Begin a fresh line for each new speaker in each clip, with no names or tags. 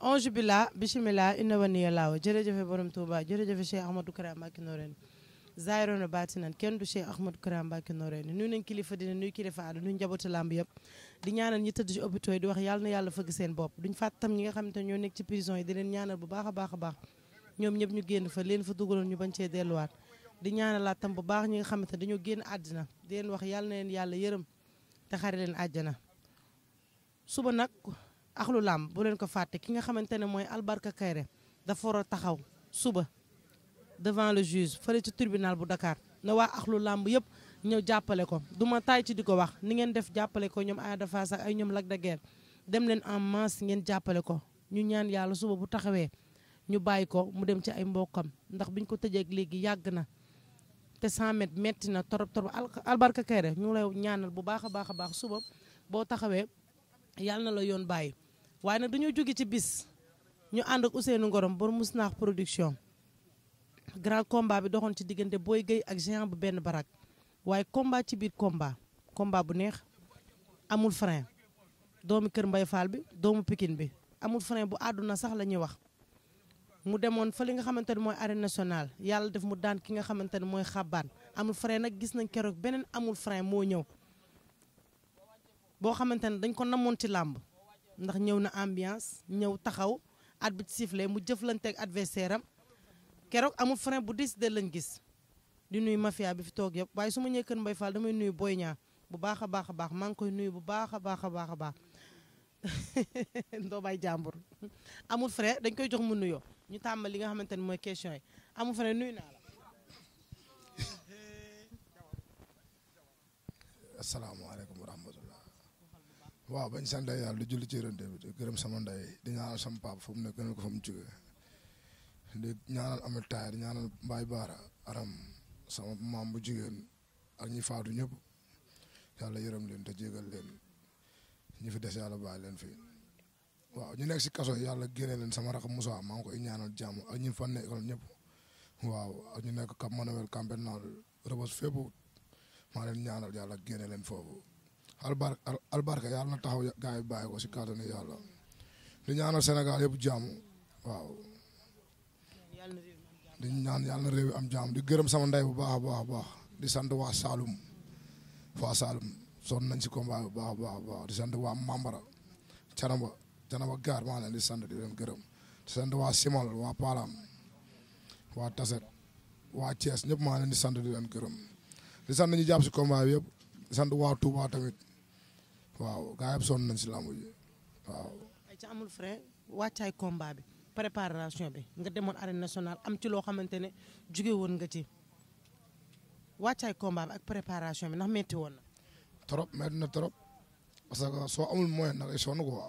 ange bi la bisimila inna waniya laaw jërëjëfe borom Touba jërëjëfe Cheikh Ahmadou Kara Mbacké Noreyni zayrona baatinan kenn du Cheikh Ahmadou Kara Mbacké Noreyni nuyu nañ kilifa dina nuyu kilifa aada nuyu njabootu làmb yëpp di ñaanal ñi tëdd ci hôpitaux yi di wax yàlla na yàlla fëgg seen bopp duñ fàtt tam ñi nga xamante ñoo nekk ci prison yi di leen ñaanal bu baax a baax a baax ñoom ñëpp ñu génn fa leen fa dugaloon ñu bañ cee delluwaat di ñaanalaat tam bu baax ñi nga xamante dañoo génn àddina di leen wax yàlla na te xari leen àjjana axlu làmb bu leen ko fàttee ki nga xamante ne mooy Albarka Kayre dafa war a taxaw suba devant le juge fële ci tribunal bu Dakar na waa axlu làmb yëpp ñëw jàppale ko du ma taay ci di ko wax ni ngeen def jàppale ko ñoom Ada Fass ak ay ñoom Lac de dem leen en masse ngeen jàppale ko ñu ñaan yàlla suba bu taxawee ñu bàyyi ko mu dem ci ay mbokkam ndax biñ ko tëjee léegi yàgg na te 100 mètres metti na torop torop Albarka Kayre ñu lay ñaanal bu baax a baax a baax suba boo taxawee yàlla na la yoon bàyyi waaye nag dañoo jóge ci bis ñu ànd ak Ousseynou Ngorom borom Mousnakh production grand combat bi doxoon ci diggante booy Gueye ak géant bu benn barak waaye combat ci biir komba komba bu neex amul frein doomu Kër Mbay Fall bi doomu pikin bi amul frein bu àdduna sax la ñuy wax mu demoon fa li nga xamante ne mooy arène nationale yàlla def mu daan ki nga xamante ne mooy xabaan amul frein nag gis nañ keroog beneen amul frein moo ñëw boo xamante ne dañ ko namoon ci làmb ndax ñëw na ambiance ñëw taxaw at bi sifflé mu jëflanteeg adversaire am keroog amul frein bu décidé lañ gis di nuyu mafia bi fi toog yëpp waaye su ma ñëwee Kër Mbaye damay nuyu Boy Niang bu baax a baax a baax maa ngi koy nuyu bu baax a baax a baax a baax doo bay jàmbur amul frein dañ koy jox mu nuyoo ñu tàmbal li nga xamante ni mooy question yi amul frein nuyu naa
waaw bañ sant yàlla di julli ci rënte bi di gërëm sama ndey di ñaanal sama papa fu mu nekk ko fa mu jógee di ñaanal Ameth Taye di ñaanal Mbaye Baara Aram sama maam bu jigéen ak ñi faatu ñëpp yàlla yërëm leen te jégal leen ñi fi des yàlla bàyyi leen fi waaw ñu nekk si kaso yàlla génne leen sama rakk Moussa maa ngi koy ñaanal jàmm ak ñi fa nekkoon ñëpp waaw ak ñu nekk Cap Manuel Campenal Rebeuss feebu maa leen ñaanal yàlla génne leen foofu. albar albarka yàlla na taxaw gars yi bàyyi ko si kàttanu yàlla di ñaanal Sénégal yëpp jàmm waaw di ñaan yàlla na réew yi am jàmm di gërëm sama ndey bu baax a baax a baax di sant waa Saloum waa Saloum sonn nañ si combat bu baax a baax a baax di sant waa Mambara Canaba Canaba gaar maa leen di sant di leen gërëm di sant waa Simal waa Palam waa Taset waa Thiès ñëpp maa leen di sant di leen gërëm di sant ñu jàpp si combat bi yëpp sant waa Touba tamit waaw gaa yëpp sonn nañ si làmb ji waaw.
ay ca amul frais wàccaay combat bi préparation bi nga demoon arène national am ci loo xamante ne jóge woon
nga ci wàccaay combat bi ak préparation bi nag metti woon na. trop metti na trop parce que soo amul moyen nag ay ko quoi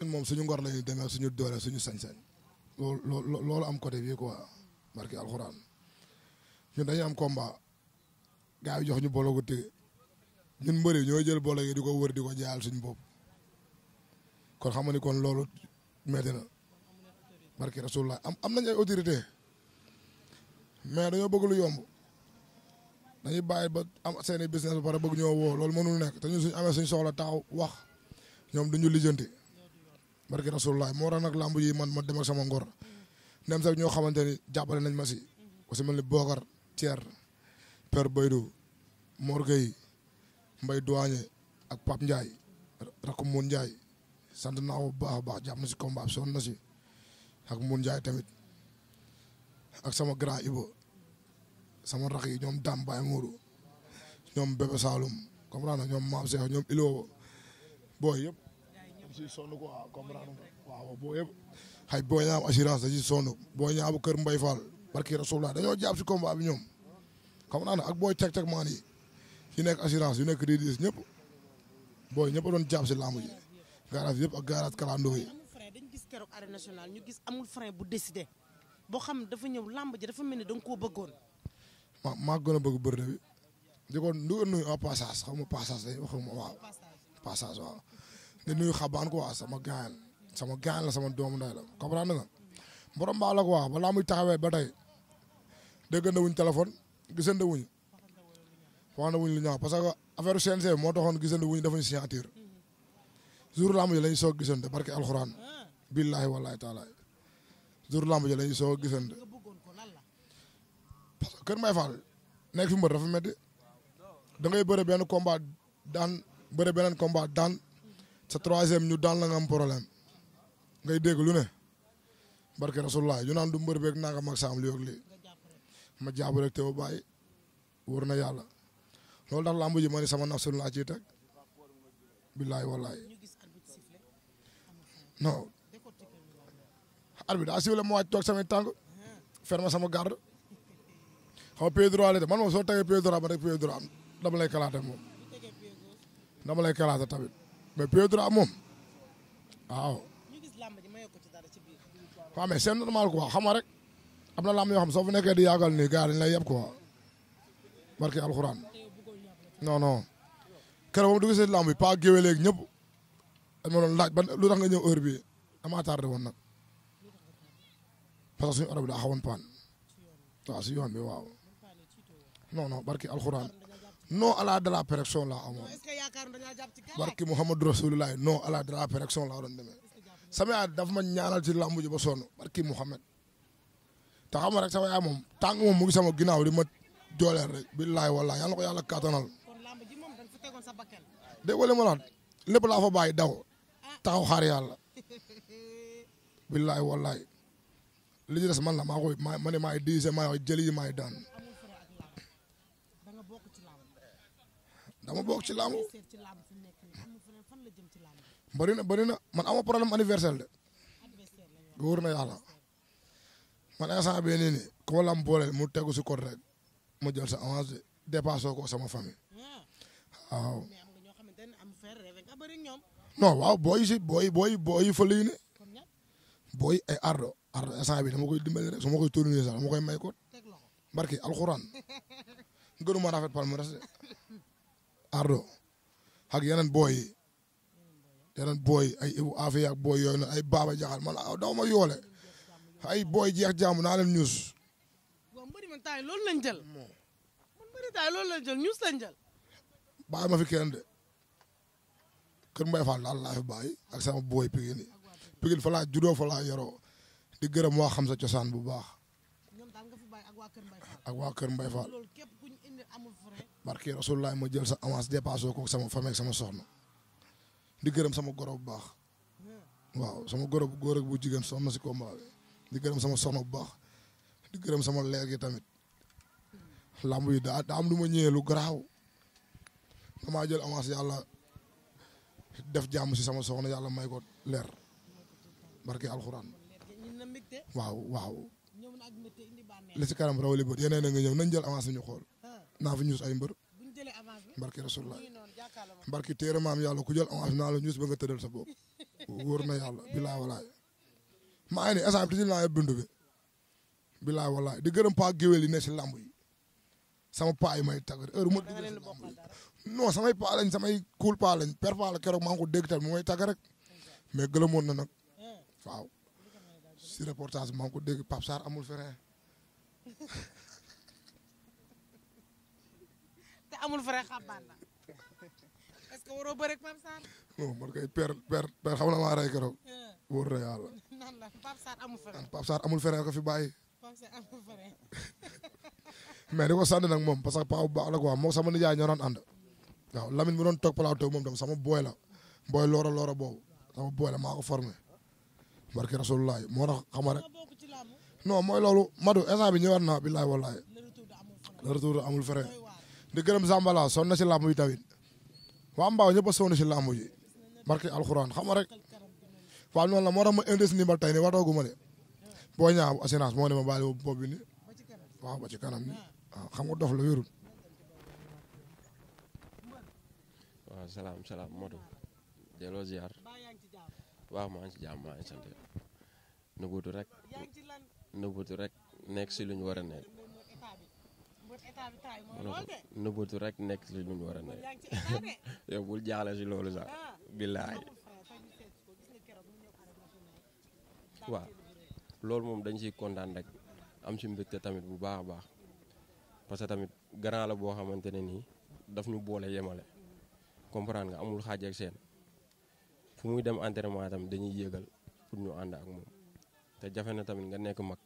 ñun moom suñu ngor la ñuy demee suñu doole suñu sañ-sañ. loolu loolu am côté bi quoi barki alxuraan ñun dañuy am combat. gars yi jox ñu bolo gu tege ñun mbëri ñoo jël bolo yi di ko wër di ko jaayal suñu bopp kon xam nga ni kon loolu metti na barki rasulullah am am nañ ay autorité mais dañoo bëgg lu yomb dañuy bàyyi ba am seeni business ba pare bëgg ñoo woo loolu mënul nekk te ñun suñ amee suñ soxla taxaw wax ñoom duñu lijjanti barki rasulullah moo tax nag làmb yi man ma dem sama ngor nem sax ñoo xamante ni jàppale nañ ma si ku si mel ni Bokar Thier Père Baydou Mor Gueye Mbaye Douagne ak Pape Ndiaye rakk Moon Ndiaye sant naa ko baax baax jàpp na si combat bi sonn na si ak Moon Ndiaye tamit ak sama grand Ibo sama rakk yi ñoom Dame Baye Mourou ñoom Bébé Saloum comprendre ñoom Maam Seex ñoom Ilo booy yëpp si sonn quoi comprendre waaw booy yëpp boo ñaam assurance da si sonn boo ñaam bu kër Mbaye Fall barki Rasulullah dañoo jàpp si combat bi ñoom xam naa ne ak booy teg teg maan yi nekk assurance yu nekk rédis ñëpp booy ñëpp a doon jàpp si làmb ji garage yëpp ak garage yi.
gis keroog ñu gis amul frein bu décidé boo xam dafa ñëw làmb ji dafa mel ni da
nga koo bëggoon. ma maa gën a bëgg bëri bi di ko nuyu en a xam nga passage day wax ma waaw passage waaw di nuyu xabaan ko waaw sama gaañ sama gaañ la sama doomu ndey la comprendre nga borom baa la ko waaw balaa muy taxawee ba tey dégg gisante wuñu waxante wuñu lu ñaaw parce que affaire CNG moo taxoon gisante wuñu defuñu signature jour lamb ji lañu soog gisante barke alxuraan billaahi wallaahi taala jour lamb ji lañu soog gisante parce que kër may faal nekk fi mbër dafa metti da ngay bëre benn combat daan bëre beneen combat daan sa troisième ñu daan la nga am problème ngay dégg lu ne barke rasulullah ñu naan du mbër beeg nangam saam li lii ma jaabu rek te ba bàyyi wóor na yàlla loolu tax làmb ji ma sama nafsul laa ciy teg billaay wallaay non arbitre daa sifflé ma wàcc toog samay tànk ferme sama garde xaw ma pied droit la de man moom soo tegee pied droit rek pied droit am dama lay kalaate moom dama lay kalaate tamit mais pied moom waaw waaw mais c'est normal quoi xam rek am na lamb yoo xam soo fa nekkee di yaagal nii gars dañ lay yeb quoi barki alxuraan non non keroog moom du gisee lamb bi pas géwél léegi ñëpp dañ ma nga ñëw heure bii dama tardé woon nag parce que daa xawoon paan yoon bi waaw non barki alxuraan non à la de la la de la sama yaay dafa ma ñaanal ci lamb ji ba sonn barki Muhammad te xam nga rek sama yaay moom tànk moom mu ngi sama ginnaaw di ma dooleel rek billaay wallaay yal na ko yàlla kattanal. dégg nga li ma laa fa bàyyi daw taxaw xaar yàlla billaay wallaay li ci des man la maa koy ma ma ne maay diise maay yi maay daan dama bokk ci laamu. bëri na bëri na man problème anniversaire de ma instant bii nii nii ku ma lam mu tegu si code rek mu jël sa avance dépassé ko sama famille hmm. waaw. non waaw booy si booy booy booy fa ay ardo ardo instant bi dama koy dimbali rek su ma koy tourné sax dama koy may ko barki alxuraan gënuma rafet palmarès ardo ak yeneen booy yi yeneen booy ay Ibu Afia ak booy yooyu noonu ay Baba Jaxal man daw ma yoole ay booy jeex jaamu naa leen ñuus.
waaw mbëri man taay loolu lañ jël. man ñuus lañ
ma fi kenn de kër Mbaye Fall daal laa fi bàyyi ak sama booy Pikine Pikine fa laa juddoo yoroo di gërëm waa xam sa cosaan bu baax. ak waa kër Mbaye Fall. barke Rasulullah ma jël sa avance dépassé ko sama famille sama soxna di gërëm sama goro bu baax waaw sama goro bu góor ak bu jigéen soxna si combat bi di gërëm sama soxna bu baax di gërëm sama leer gi tamit làmb yi daa daa am lu ma ñëwee lu garaaw damaa jël avance yàlla def jàmm si sama soxna yàlla may ko leer barke alxuraan waaw waaw li si kanam rawali bët yeneen a nga ñëw nañ jël avance bi ñu xool naa fi ñuus ay mbër barke rasulullah barke téere maam yàlla ku jël avance naa la ñuus ba nga tëddal sa bopp wóor na yàlla bilaa walaay maa ngi nii instant bii laa yóbbu dund bi bilaay walaay di gërëm paa géwél yi ne si lamb yi sama paa yi may tàggat heure ma duggee si lamb yi non samay paa lañ samay kuul paa lañ per paa la keroog maa ngi ko dégg mu may tàggat rek mais gëlëmoon na nag waaw si reportage maa ngi ko dégg Pape amul frein. per per per maa rey keroog. Ah. wóor na yàlla. Ah, Pape Sarr amul fere Pape ko fi bàyyi. Pape Sarr ko sant nag moom parce que Paa bu baax la quoi moom sama nijaay ñoo doon ànd. waaw Lamine mu doon toog moom tam sama booy la booy loora loora boobu sama booy la maa ko formé. barke rasulullah moo tax xama rek non mooy loolu Madou instant bi ñëwaat naa billaay wallaay. le retour amul fere. di gërëm Zambala sonn na si làmb yi tamit. waa Mbaaw ñëpp a si làmb yi. barke alxuraan xama rek. waaw noonu la moo tax ma indi ni ndimbal tey nii waxtoogu ma ne boo ñaaw assurance moo ne ma baal bopp bi ni waaw ba ci kanam ni waaw xam nga dof la wérul
waaw salaam salaam moto delloo ziar waaw maa ngi ci jàmm maa ngi sant nëbbuutu rek rek nekk si lu ñu war a nekk nëbbuutu rek nekk si lu war a nekk bul jaaxle si loolu sax ah. billaay quoi loolu mom dañ siy kontaan rek am si mbégte tamit bu baax baax parce que tamit grand la boo xamante ne nii daf ñu boole yemale comprendre nga amul xaaj ak seen fu muy dem entraînement tamit dañuy yéegal pour ñu ànd ak moom te na tamit nga nekk mag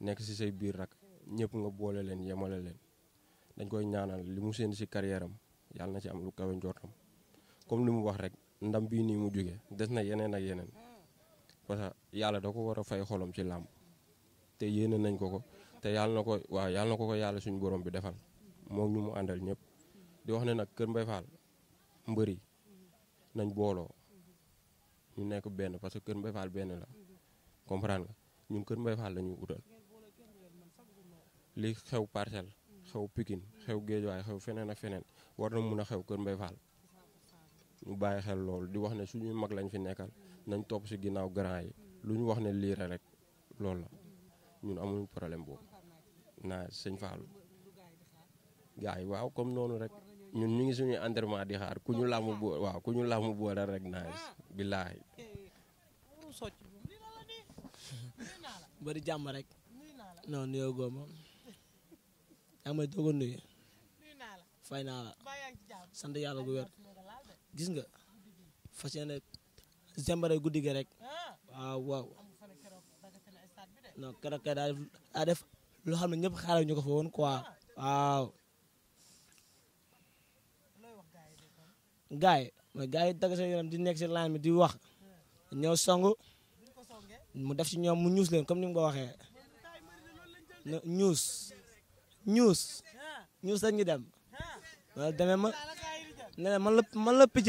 nekk si say biir rak ñëpp nga boole leen yemale leen dañ koy ñaanal li mu seen si amul am yàlla na ci am lu kawe njortam comme li wax rek ndam bi ni mu jógee des na yeneen ak yeneen parce que yàlla da ko war a fay xolom ci làmb te yéene nañ ko ko te yàlla ko waaw yàlla ko ko yàlla suñu borom bi defal moom mu àndal ñëpp di wax ne nag Kër Mbaye Fall mbëri nañ booloo ñu nekk benn parce que Kër Mbaye benn la comprendre ñun Kër Mbaye Fall la ñuy utal li xew pikin xew Pikine xew xew feneen ak feneen war na mun a xew Kër Mbaye Fall ñu bàyyi xel loolu di wax ne suñuy mag lañ fi nekkal. nañ topp si ginnaaw grand yi lu ñu wax ne liire rek loolu la ñun amuñu problème boobu naa sëñ Fall gars yi waaw comme noonu rek ñun ñu ngi suñuy entraînement di xaar ku ñu làmb bo waaw ku ñu làmb rek naa billaahi
bari jàmm rek non nuyoo gooma yaa may doog a fay naa la sant yàlla gu wér gis nga fas yéene Zembare guddi gi rek ah. waaw waaw non keroog kay daa def daa def loo xam ne ñëpp xaaral ñu ko fa woon quoi waaw. gaay yi gaay yi dagg seen di nekk si line bi di wax ñëw song mu def si ñoom mu ñuus comme ni mu waxee ñuus ñuus ah. ñuus la ñu dem ah. wala demee ma man la man la picc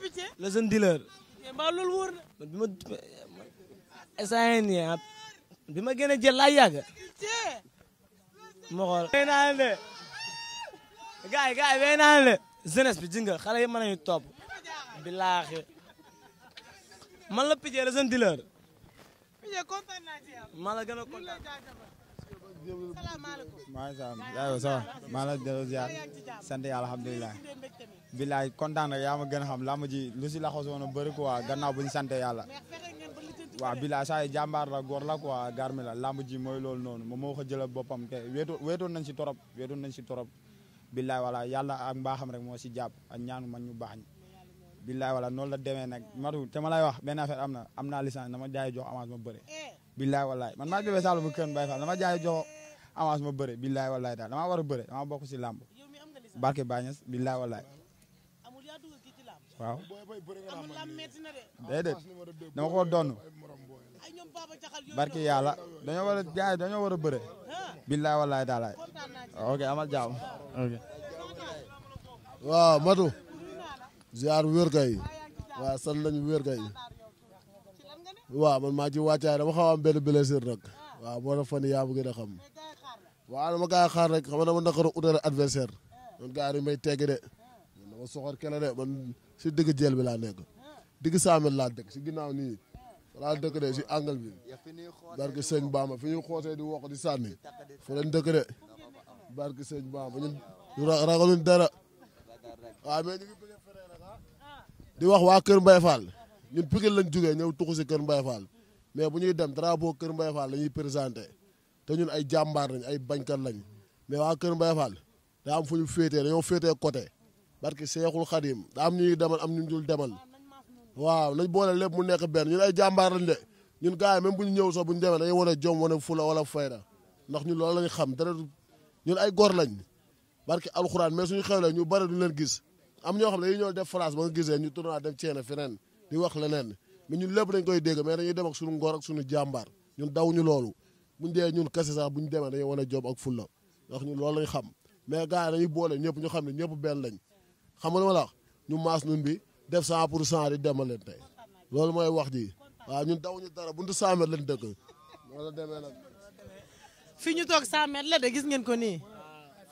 pitié. le jeune dealer. Eh, mbaa loolu wóor na. man bi ma SAEN ah, bi ma gën a jël laa yàgg. ma xool. wey naa leen de gars yi gars yi wey naa leen de jeunesse bi ji nga xale yi mën nañu topp. bilaahi man la pitié le jeune dealer. salaamaaleykum
maaleykum
salaam. maa la delloo ziar sant yàlla alhamdulilah.
bilaay kontaan rek yaa ma gën xam làmb ji lu si la xasoon a ko quoi gannaaw bu ñu sant
yàlla. waaw bilaay saa yi jàmbaar la góor la quoi garmi la làmb ji mooy lool noonu moom moo ko jëlal boppam te wéeto wéetoon nañ si torop wéetoon nañ si torop. bilaay wala yàlla ak mbaaxam
rek moo si jàpp ak ñaan man ñu baax ñi. bilaay wala noonu la demee nag matu te ma lay wax benn affaire am na am naa licence dama jaay jox billaay wallaay ma maa bébé Saloum bu kën Baye Fall dama jaay jox avance ma bëre billaay wallaay daal damaa war a bëre damaa bokk si làmb barke Bañes billaay
wallaay waaw déedéet dama ko dañoo war dañoo war a bëre
billaay wallaay daalaay ok amal jaam ok waaw matu ziar wér kay waaw san lañ wér kay waaw man maa ci wàccaay dama xaw am benn blessure nag waaw moo tax fan yaa ma gën a xam waaw dama gaa xaar rek xam nga dama naqaru utale adversaire man gaa yi may de man dama soxor kele de si digg jël bi laa nekk digg saamel laa dëkk si ginnaaw nii laa dëkk de si angle bi barke sëñ Bamba fi ñuy xootee di wokk di sànni fa leen dëkk de barke sëñ Bamba ñun ragaluñ dara waaw mais ñu ngi bëgg a ah. di wax waa Kër ñun Pikine lañ jógee ñëw tuxu si Kër Mbaye Fall bu ñuy dem drapeau Kër Mbaye Fall la ñuy te ñun ay jàmbaar lañ ay bañkat lañ mais waa Kër Mbaye Fall daa am fu ñu féetee dañoo féetee côté barki Seexul Xadim daa am ñuy demal am ñu dul demal waaw nañ boole lépp mu nekk benn ñun ay jàmbaar lañ de ñun gars yi même bu ñu ñëw sax bu ñu demee dañuy a jom wane fula wala fayda ndax ñun loolu lañ xam dara ñun ay góor lañ barki alxuraan mais suñu xewlee ñu bari du leen gis am ñoo xam ne dañuy ñëw def gisee ñu tournoi dem ceene feneen di wax leneen ñun lépp dañ koy dégg mais dañuy dem ak suñu ngor ak suñu jàmbaar ñu dawuñu loolu buñ dee ñun kese sax buñ demee dañuy wane job ak fulla ndax ñun loolu lañ xam mais gars yi boole ñëpp ñu xam ne ñëpp benn lañ xam nga ma la ñu maas nun bi def 100 pour cent di demal leen tey loolu mooy wax ji waaw ñun ñu dara buntu 100 mètres lañ dëkk moo la demee nag.
fi ñu toog 100 mètres la de gis ngeen ko nii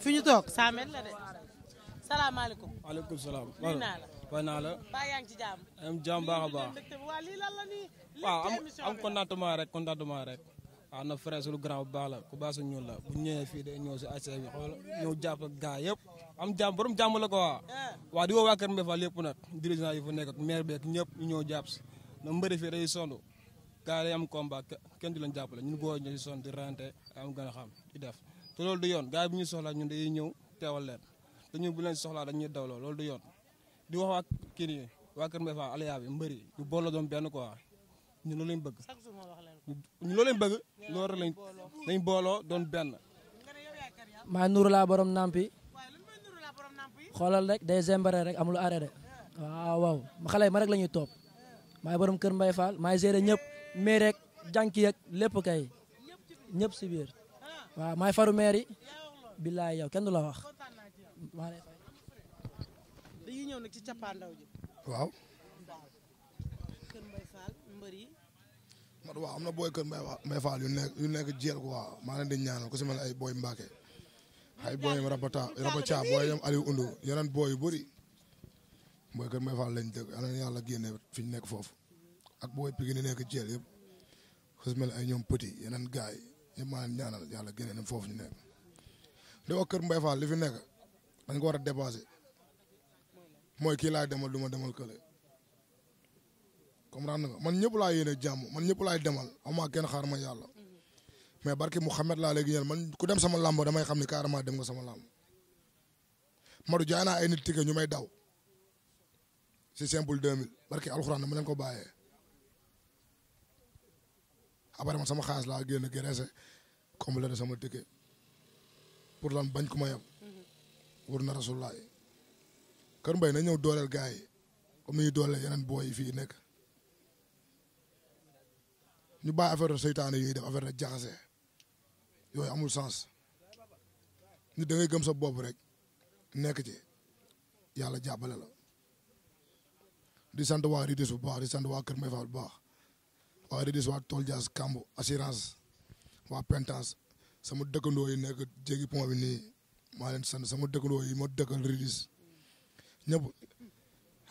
fi ñu toog 100 mètres la de salaamaaleykum.
waaleykum salaam. fay la. baa yaa ngi am jàmm baax a baax. waaw lii lan la am am contentement rek contentement rek. waaw na frère lu grand bu baax la ku baax su ñuul la bu ñëwee fii day ñëw si ASC bi xool ñëw jàpp ak gars yëpp am jàmm borom jàmm la quoi. Ah. waaw di woo waa Kër Mbefa lépp nag dirigeant yi fa nekk ak maire bi ak ñëpp ñu ñëw jàpp si na mbëri fii day sonn gars yi am combat kenn du leen jàppale ñun boo ñëw si sonn di rente am gën a xam di def te loolu du yoon gaa yi bu ñuy soxlaa ñun dañuy ñëw teewal leen te ñun bu leen soxlaa dañuy dawloo loolu du yoon di wax waa kii yi waa Kër Mbaye Fall Aliya bi mbëri ñu booloo doon benn quoi ñu loolu lañ bëgg. ñu loolu lañ bëgg loolu lañ lañ booloo doon
benn. maa nuru laa borom nampi xoolal rek day zembare rek amul arrêté waaw waaw xale yi ma rek la ñuy topp maay borom Kër Mbaye Fall maay gérer ñëpp mais rek jànki yeeg lépp kay ñëpp si biir ah. waaw maay faru maire yi billaay yow kenn du wax.
ñëw nag ci cappaandaw ji.
waaw. waaw na booy Kër Mbaye Fall yu nekk yu nekk jël quoi maa leen di ñaanal ku si ay booy Mbacke. ay booy Rabata Rabatia booy yam Aliou Undu yeneen booy yu bëri. booy Kër Mbaye Fall lañ dëkk yal na yàlla génne fi ñu nekk foofu. ak booy Pikine nekk jël yëpp. ku si ay ñoom petit yeneen gars yi ñëpp maa leen ñaanal yàlla génne na foofu ñu nekk. di wax Kër Mbaye li fi nekk dañ ko war mooy kii laay demal du ma demal kële comprendre nga man ñëpp laa yéene jàmm man ñëpp laay demal amaa kenn xaar ma yàlla mm-hmm. mais barki Mouhamed laa léegi yéen man ku dem sama làmb damay xam ni carrément dem nga sama làmb Madou jaay naa ay nit ticket ñu may daw si simple 2000 barki alxuraan dama leen ko bàyyee après man sama xaalis laa génn gérese complété sama ticket pour lan bañ ku ma yab. Mm-hmm. wër na rasulaay Kër Mbaye na ñëw dooleel gars yi comme ñu dooleel yeneen booy yi fii nekk ñu bàyyi affaire seytaane yooyu def affaire jaxase yooyu amul sens nit da ngay gëm sa bopp rek nekk ci yàlla jàppale la di sant waa Ridis bu baax di sant waa Kër Mbaye Fall bu baax waa Ridis waa Tool Dias Kambo assurance waa Pentance sama dëkkandoo yi nekk jéggi pont bi nii maa leen sant sama dëkkandoo yi ma dëkkal Ridis. ñëpp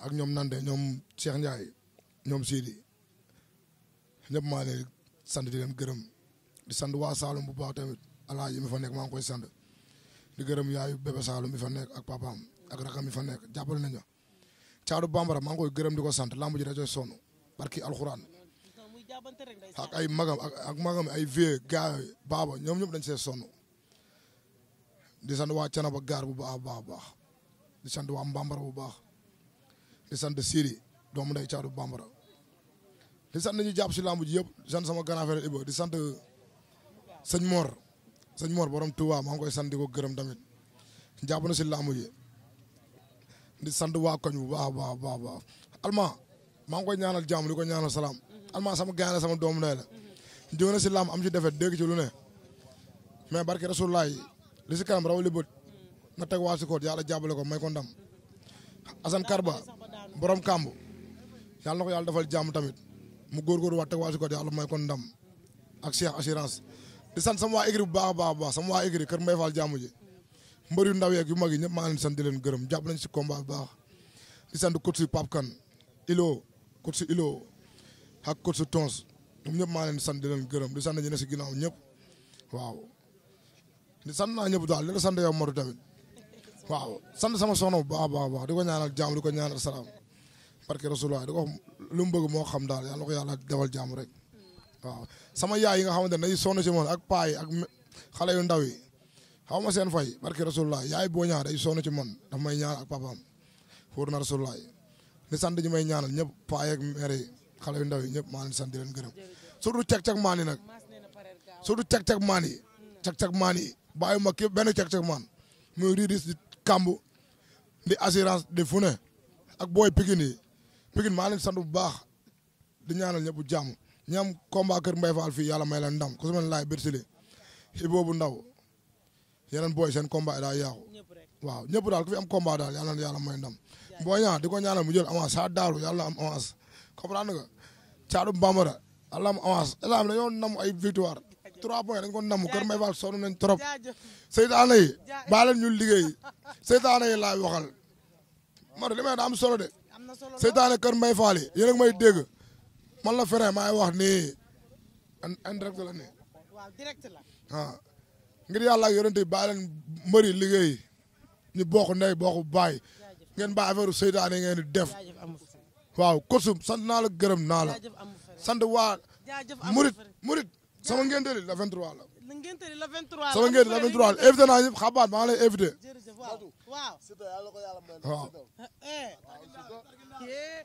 ak ñoom Nande ñoom Cheikh Ndiaye ñoom Sidi ñëpp maa leen sant di gërëm di sant waa Saloum bu baax tamit alaaji mi fa nekk maa ngi koy sant di gërëm yaayu bébé Saloum mi fa nekk ak papaam ak rakam mi fa nekk jàppale nañu Caadu Bambara maa ngi koy gërëm di ko sant lamb ji dañoo sonn barki alxuraan ay magam ak magam ay vieux gars baaba ñoom ñëpp dañ see sonn di sant waa ba gaar bu baax baax a baax. di sant waa Mbambara bu baax di sant Siri doomu nday caadu Bambara di sant ñu jàpp si lamb ji yëpp di sant sama grand frère Iba di sant sëñ Mor borom Touba maa ngi koy sant di tamit jàpp na si lamb ji sant waa koñ bu baax baax baax baax maa ngi koy ñaanal jàmm di ko ñaanal salaam alma sama gaay la sama doomu la jóge na am ci defet dégg ci lu ne barke Rasulaay li kanam raw li na teg waa Sikoor yàlla jàppale ko may ko ndam asan Karba borom kambu yalla nako yalla defal jam tamit mu gor waat teg waa Sikoor yalla may ko ndam ak Cheikh assurance di sant sama wa écurie bu baax baax baax sama wa écurie keur may fal jàmm ji mbeur yu ndaw yak yu mag ma sant di leen gërëm jàpp nañ si combat baax di sant kursi papkan Ilo kursi Ilo ak kursi Tons ñoom ñëpp ma ngi leen sant di leen gërëm di sant ñi ne si ginnaaw waaw di sant naa daal di la sant yow Modou tamit waaw sant sama soxna bu baax a baax di ko ñaanal jàmm di ko ñaanal salaam parce que rasulullah di ko lu mu moo xam daal yàlla na ko yàlla defal jàmm rek waaw sama yaay yi nga xamante ne dañuy sonn si man ak paa xale yu ndaw yi xaw ma seen fay parce que rasulullah yaay boo ñaar day sonn ci man daf may ñaanal ak papaam fóor na rasulullah di sant ñi may ñaanal ñëpp paa yi ak yi xale yu ndaw yi ñëpp maa leen sant di leen gërëm surtout cag-cag maan yi nag surtout cag-cag maan yi cag-cag maan yi benn cag-cag kamb di assurance di fu ne ak booy Pikine yi Pikine maa bu baax di ñaanal ñëpp jàmm ñi am combat kër fii yàlla may leen ndam ku si mel laay bu ndaw yeneen booy seen combat yi daal yaaxu waaw daal ku fi am combat daal yàlla na yàlla boo ñaa di ko ñaanal mu jël avance saa daaru yàlla am avance comprendre nga caadu bambara yàlla am avance nam ay victoire trois points dañ ko namm kër Mbaye Fall sonn nañ trop seytaane yi baal ñu liggéey seytaane yi laay waxal Mor li may da am solo de seytaane kër Mbaye Fall yi yéen a ngi may dégg man la fere maay wax nii en direct la nii waaw ngir yàlla ak yonent yi bàyyi leen mbëri liggéey ñu bokk ndey bokk baay ngeen bàyyi affaire seytaane yi ngeen di def waaw kosum sant naa la gërëm naa la sant waa sama ngénte li la 23 la. ngénte la 23 la sama ngénte
la 23